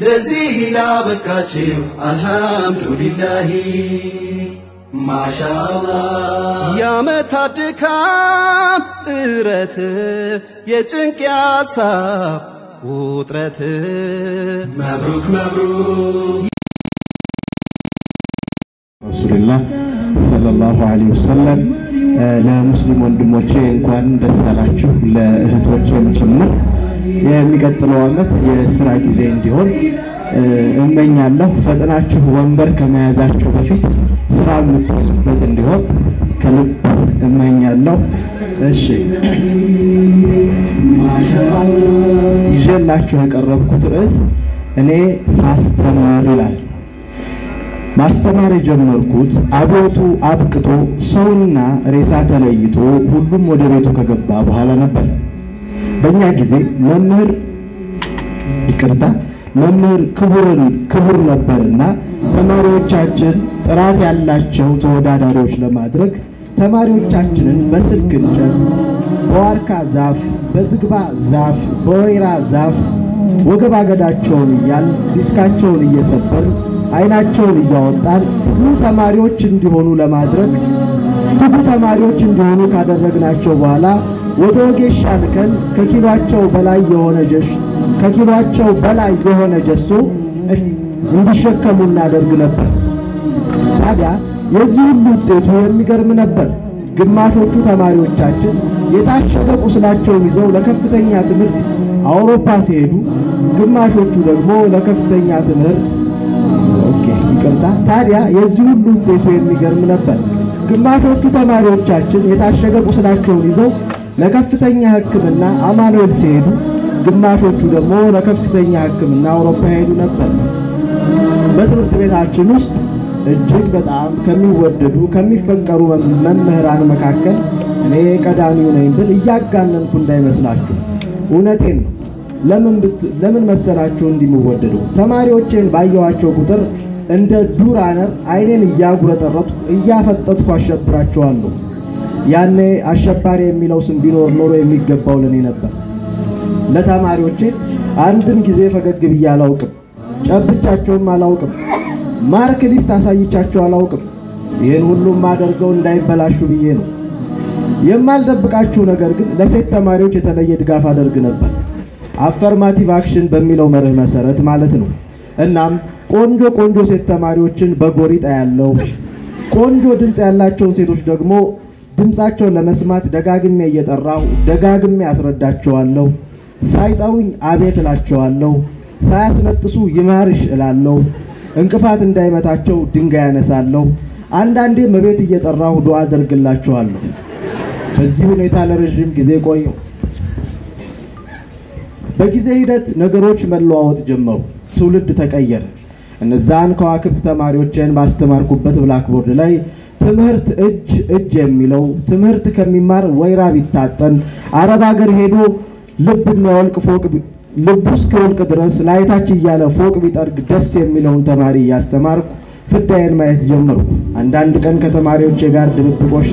ለዚህ ላበቃችሁ አልሐምዱሊላህ ማሻላ ያመታ ድካም ጥረት የጭንቅ ያሳብ ውጥረት መብሩክ መብሩክ ረሱልላህ ሰለላሁ ዐለይሂ ወሰለም ለሙስሊም ወንድሞቼ እንኳን ደስ አላችሁ፣ ለእህቶቼም ጭምር የሚቀጥለው አመት የስራ ጊዜ እንዲሆን እመኛለሁ። ፈጥናችሁ ወንበር ከመያዛችሁ በፊት ስራ የምትይዙበት እንዲሆን ከልብ እመኛለሁ። እሺ ይዤላችሁ የቀረብኩት ርዕስ እኔ ሳስተማር ይላል። ማስተማር የጀመርኩት አብዮቱ አብቅቶ ሰውና ሬሳ ተለይቶ ሁሉም ወደ ቤቱ ከገባ በኋላ ነበር። በእኛ ጊዜ መምህር ይቅርታ መምህር ክቡርን ክቡር ነበርና ተማሪዎቻችን ጥራት ያላቸው ተወዳዳሪዎች ለማድረግ ተማሪዎቻችንን በስልክ እንጨት፣ በዋርካ ዛፍ፣ በዝግባ ዛፍ፣ በወይራ ዛፍ ወገብ አገዳቸውን እያል ዲስካቸውን እየሰበር አይናቸውን እያወጣን ትጉ ተማሪዎች እንዲሆኑ ለማድረግ ትጉ ተማሪዎች እንዲሆኑ ካደረግናቸው በኋላ ወደ ወጌሻ ልከን ከኪሏቸው በላይ የሆነ ጀሽ ከኪሏቸው በላይ የሆነ ጀሶ እንዲሸከሙ እናደርግ ነበር። ታዲያ የዚህ ሁሉ ውጤቱ የሚገርም ነበር። ግማሾቹ ተማሪዎቻችን የታሸገ ቁስላቸውን ይዘው ለከፍተኛ ትምህርት አውሮፓ ሲሄዱ፣ ግማሾቹ ደግሞ ለከፍተኛ ትምህርት ይቅርታ። ታዲያ የዚህ ሁሉ ውጤቱ የሚገርም ነበር። ግማሾቹ ተማሪዎቻችን የታሸገ ቁስላቸውን ይዘው ለከፍተኛ ሕክምና አማኑኤል ሲሄዱ፣ ግማሾቹ ደግሞ ለከፍተኛ ሕክምና አውሮፓ ሄዱ ነበር። በትምህርት ቤታችን ውስጥ እጅግ በጣም ከሚወደዱ ከሚፈቀሩ መምህራን መካከል እኔ ቀዳሚው ነኝ ብል እያጋነንኩ እንዳይመስላችሁ፣ እውነቴን ነው። ለምን መሰላችሁ እንዲምወደዱ? ተማሪዎቼን ባየኋቸው ቁጥር እንደ ዱር አነር አይኔን እያጉረጠረጥኩ እያፈጠጥኩ አሸብራቸዋለሁ። ያኔ አሸባሪ የሚለው ስም ቢኖር ኖሮ የሚገባው ለኔ ነበር። ለተማሪዎቼ አንድም ጊዜ ፈገግ ብዬ አላውቅም፣ ጨብጫቸውም አላውቅም፣ ማርክ ሊስት አሳይቻቸው አላውቅም። ይህን ሁሉም ማደርገው እንዳይበላሹ ብዬ ነው። የማልደብቃችሁ ነገር ግን ለሴት ተማሪዎች የተለየ ድጋፍ አደርግ ነበር፣ አፈርማቲቭ አክሽን በሚለው መርህ መሰረት ማለት ነው። እናም ቆንጆ ቆንጆ ሴት ተማሪዎችን በጎሪጣ ያለው ቆንጆ ድምፅ ያላቸውን ሴቶች ደግሞ ድምፃቸውን ለመስማት ደጋግሜ እየጠራሁ ደጋግሜ አስረዳቸዋለሁ። ሳይጠሩኝ አቤት እላቸዋለሁ። ሳያስነጥሱ ይማርሽ እላለሁ። እንቅፋት እንዳይመታቸው ድንጋይ ያነሳለሁ። አንዳንዴም እቤት እየጠራሁ ዱዓ አደርግላቸዋለሁ። በዚህ ሁኔታ ለረዥም ጊዜ ቆየሁ። በጊዜ ሂደት ነገሮች መለዋወጥ ጀመሩ። ትውልድ ተቀየረ። እነዛን ከዋክብት ተማሪዎችን ባስተማርኩበት ብላክቦርድ ላይ ትምህርት እጅ እጅ የሚለው ትምህርት ከሚማር ወይራ ቢታጠን አረብ ሀገር ሄዶ ልብ የሚያወልቅ ፎቅ ልቡ እስኪወልቅ ድረስ ላይታች እያለ ፎቅ ቢጠርግ ደስ የሚለውን ተማሪ እያስተማርኩ ፍዳዬን ማየት ጀመርኩ። አንዳንድ ቀን ከተማሪዎቼ ጋር ድብብቆሽ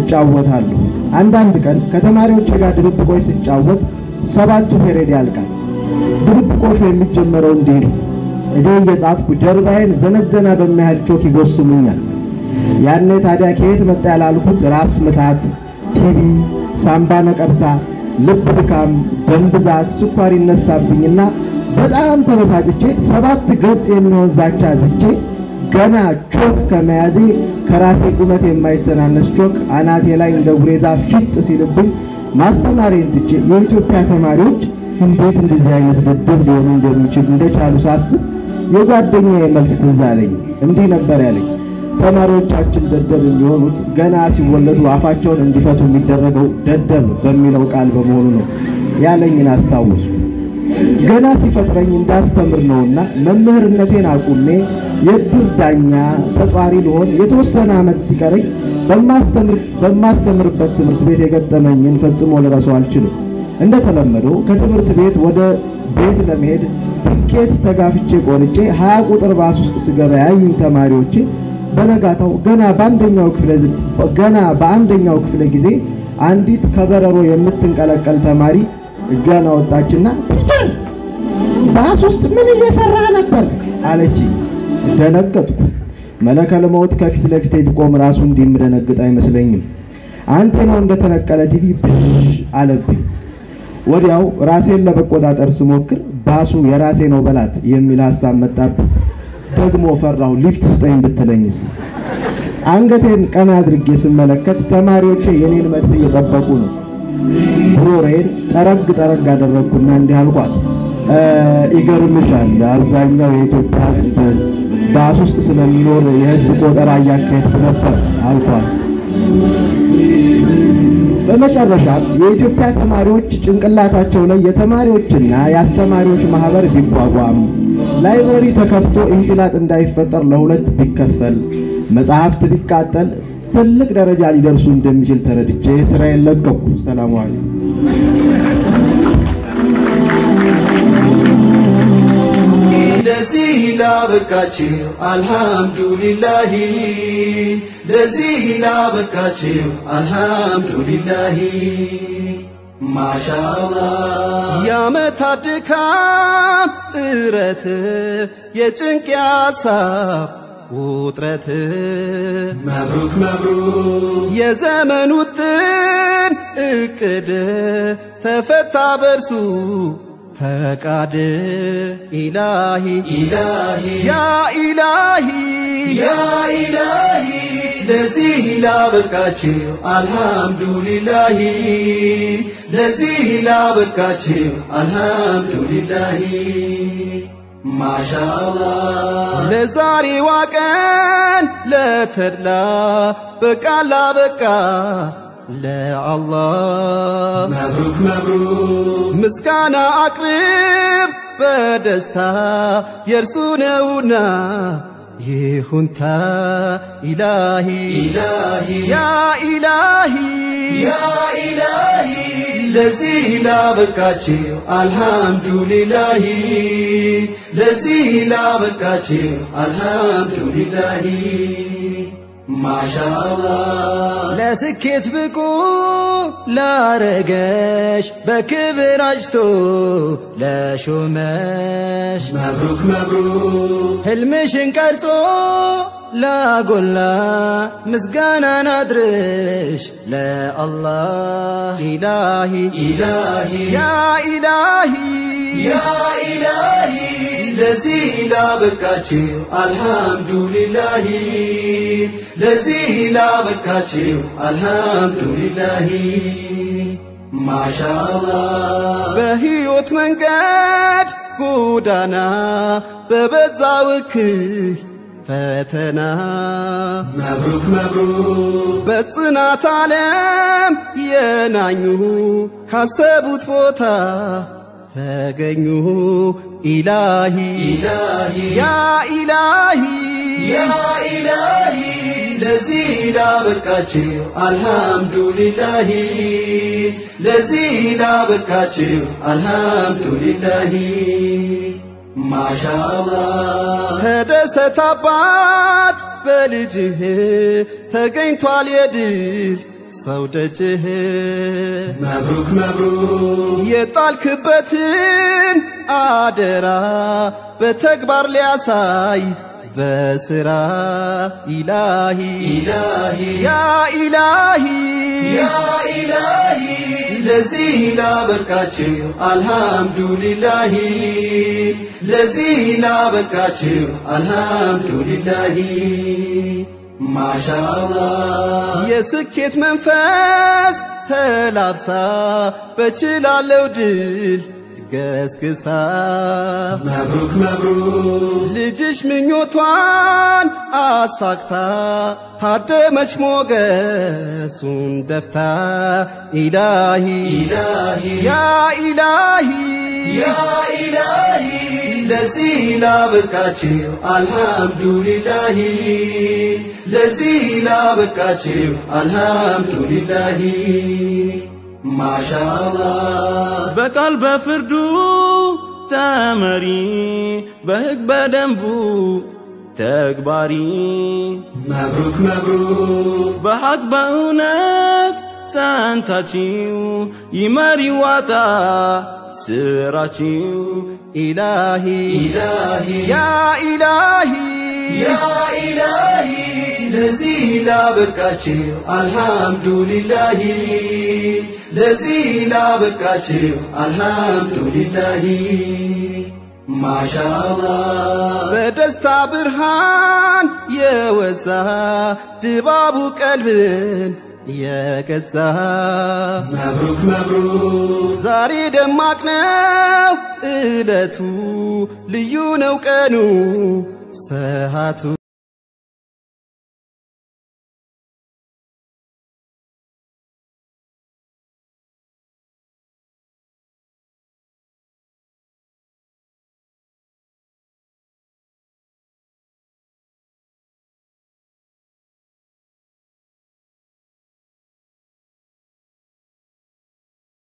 እጫወታለሁ። አንዳንድ ቀን ከተማሪዎቼ ጋር ድብብቆሽ ስጫወት ሰባቱ ፔሬድ ያልቃል። ድብብቆሹ የሚጀመረው እንዲህ ነው። እኔ እየጻፍኩ ጀርባዬን ዘነዘና በሚያህል ቾክ ይጎስሙኛል። ያኔ ታዲያ ከየት መጣ ያላልኩት ራስ ምታት፣ ቲቪ፣ ሳምባ ነቀርሳ፣ ልብ ድካም፣ ደም ብዛት፣ ስኳር ይነሳብኝና በጣም ተበሳጭቼ ሰባት ገጽ የሚሆን ዛቻ ዝቼ ገና ቾክ ከመያዜ ከራሴ ቁመት የማይተናነስ ቾክ አናቴ ላይ እንደ ጉሬዛ ፊጥ ሲልብኝ ማስተማሪን ትቼ የኢትዮጵያ ተማሪዎች እንዴት እንደዚህ አይነት ደደብ ሊሆኑ እንደሚችል እንደቻሉ ሳስብ የጓደኛዬ መልስ ትዝ አለኝ። እንዲህ ነበር ያለኝ ተማሪዎቻችን ደደብ የሚሆኑት ገና ሲወለዱ አፋቸውን እንዲፈቱ የሚደረገው ደደብ በሚለው ቃል በመሆኑ ነው ያለኝን አስታውሱ። ገና ሲፈጥረኝ እንዳስተምር ነውና መምህርነቴን አቁሜ የእድር ዳኛ ተጧሪ ልሆን የተወሰነ ዓመት ሲቀረኝ በማስተምርበት ትምህርት ቤት የገጠመኝን ፈጽሞ ልረሳው አልችልም። እንደተለመደው ከትምህርት ቤት ወደ ቤት ለመሄድ ትኬት ተጋፍቼ ቆርጬ ሀያ ቁጥር ባስ ውስጥ ስገባ ያዩኝ ተማሪዎችን በነጋታው ገና በአንደኛው ክፍለ ገና በአንደኛው ክፍለ ጊዜ አንዲት ከበረሮ የምትንቀለቀል ተማሪ እጇን አወጣችና ባስ ውስጥ ምን እየሰራ ነበር አለች። ደነገጥኩ። መለከል መውት ከፊት ለፊቴ ቢቆም ራሱ እንዲምደነግጥ አይመስለኝም። አይመስለኝም። አንቴናው እንደተነቀለ ቲቪ ብሽ አለብኝ። ወዲያው ራሴን ለመቆጣጠር ስሞክር ባሱ የራሴ ነው በላት የሚል ሀሳብ መጣብኝ። ደግሞ ፈራሁ። ሊፍት ስጠኝ ብትለኝስ? አንገቴን ቀና አድርጌ ስመለከት ተማሪዎቼ የኔን መልስ እየጠበቁ ነው። ጉሮሮዬን ጠረግ ጠረግ አደረግኩና እንዲህ አልኳት፣ ይገርምሻል አብዛኛው የኢትዮጵያ ሕዝብ ባስ ውስጥ ስለሚኖር የሕዝብ ቆጠራ እያካሄድኩ ነበር አልኳት። በመጨረሻም የኢትዮጵያ ተማሪዎች ጭንቅላታቸው ላይ የተማሪዎችና የአስተማሪዎች ማህበር ቢቋቋም ላይብረሪ ተከፍቶ ኢህቲላጥ እንዳይፈጠር ለሁለት ቢከፈል፣ መጽሐፍት ቢቃጠል ትልቅ ደረጃ ሊደርሱ እንደሚችል ተረድቼ ስራዬን ለቀቁ። ሰላም ለዚህ ላበቃችሁ አልሐምዱሊላሂ ለዚህ ላበቃችሁ አልሐምዱሊላሂ ማሻአላ ያመታ ድካም ጥረት የጭንቅ ያሳብ ውጥረት መብሩክ መብሩክ የዘመን ውጥን እቅድ ተፈታ በርሱ ፈቃድ ኢላሂ ኢላሂ ያ ኢላሂ ያ ኢላሂ ለዚህ ላበቃችሁ አልሐምዱሊላሂ ለዚህ ላበቃችሁ አልሐምዱሊላሂ ማሻአላ ለዛሬዋ ቀን ለተድላ በቃላ በቃ ለአላህ መብሩክ መብሩክ ምስጋና አቅርብ በደስታ የእርሱ ነውና ይሁንታ ኢላሂ ያ ኢላሂ ያ ኢላሂ ለዚህ ላበቃችው አልሐምዱሊላሂ ለዚህ ላበቃችው አልሐምዱሊላሂ ما شاء الله لا سكت بكو لا رقش بكبر عجتو لا شماش مبروك مبروك هلمشن قرصو لا قول لا مسقانا ندرش لا الله إلهي إلهي يا إلهي يا إلهي الذي لا بكاتشي الحمد لله ለዚህ ላበቃችሁ አልሐምዱሊላሂ ማሻአላ በሕይወት መንገድ ጎዳና በበዛ ውክህ ፈተና መብሩክ መብሩክ በጽናት ዓለም የናኙ ካሰቡት ቦታ ተገኙ ኢላሂ ኢላሂ ያ ኢላሂ ያ ኢላሂ ለዚህ ላበቃችው አልሐምዱሊላሂ ለዚህ ላበቃችው አልሐምዱሊላሂ ማሻአላ ከደሰት አባት በልጅህ ተገኝቷል የድል ሰው ደጅህ መብሩክ መብሩክ የጣልክበትን አደራ በተግባር ሊያሳይ በስራ ኢላሂ ያ ኢላሂ ያ ኢላሂ ለዚህ ላበቃችሁ አልሐምዱሊላሂ ለዚህ ላበቃችሁ አልሐምዱሊላሂ ማሻአላ የስኬት መንፈስ ተላብሳ በችላለው ድል ገስግሳ መብሩክ መብሩክ ልጅሽ ምኞቷን አሳክታ ታደመች ሞገሱን ደፍታ ኢላሂ ያ ኢላሂ ያ ኢላሂ ለዚህ ላበቃችው አልሐምዱሊላሂ ለዚህ ላበቃችው አልሐምዱሊላሂ ማሻአላ በቃል በፍርዱ ተመሪ በህግ በደንቡ ተግባሪ መብሩክ መብሩክ በሐቅ በእውነት ጸንታችሁ ይመሪ ስራችሁ ኢላሂ ኢላሂ ያ ኢላሂ ያ ኢላሂ ለዚህ ላበቃችሁ አልሐምዱሊላሂ ለዚህ ላበቃችሁ አልሐምዱሊላሂ ማሻአላ በደስታ ብርሃን የወዛ ድባቡ ቀልብን የገዛ መብሩክ መብሩክ ዛሬ ደማቅ ነው እለቱ ልዩ ነው ቀኑ ሰዓቱ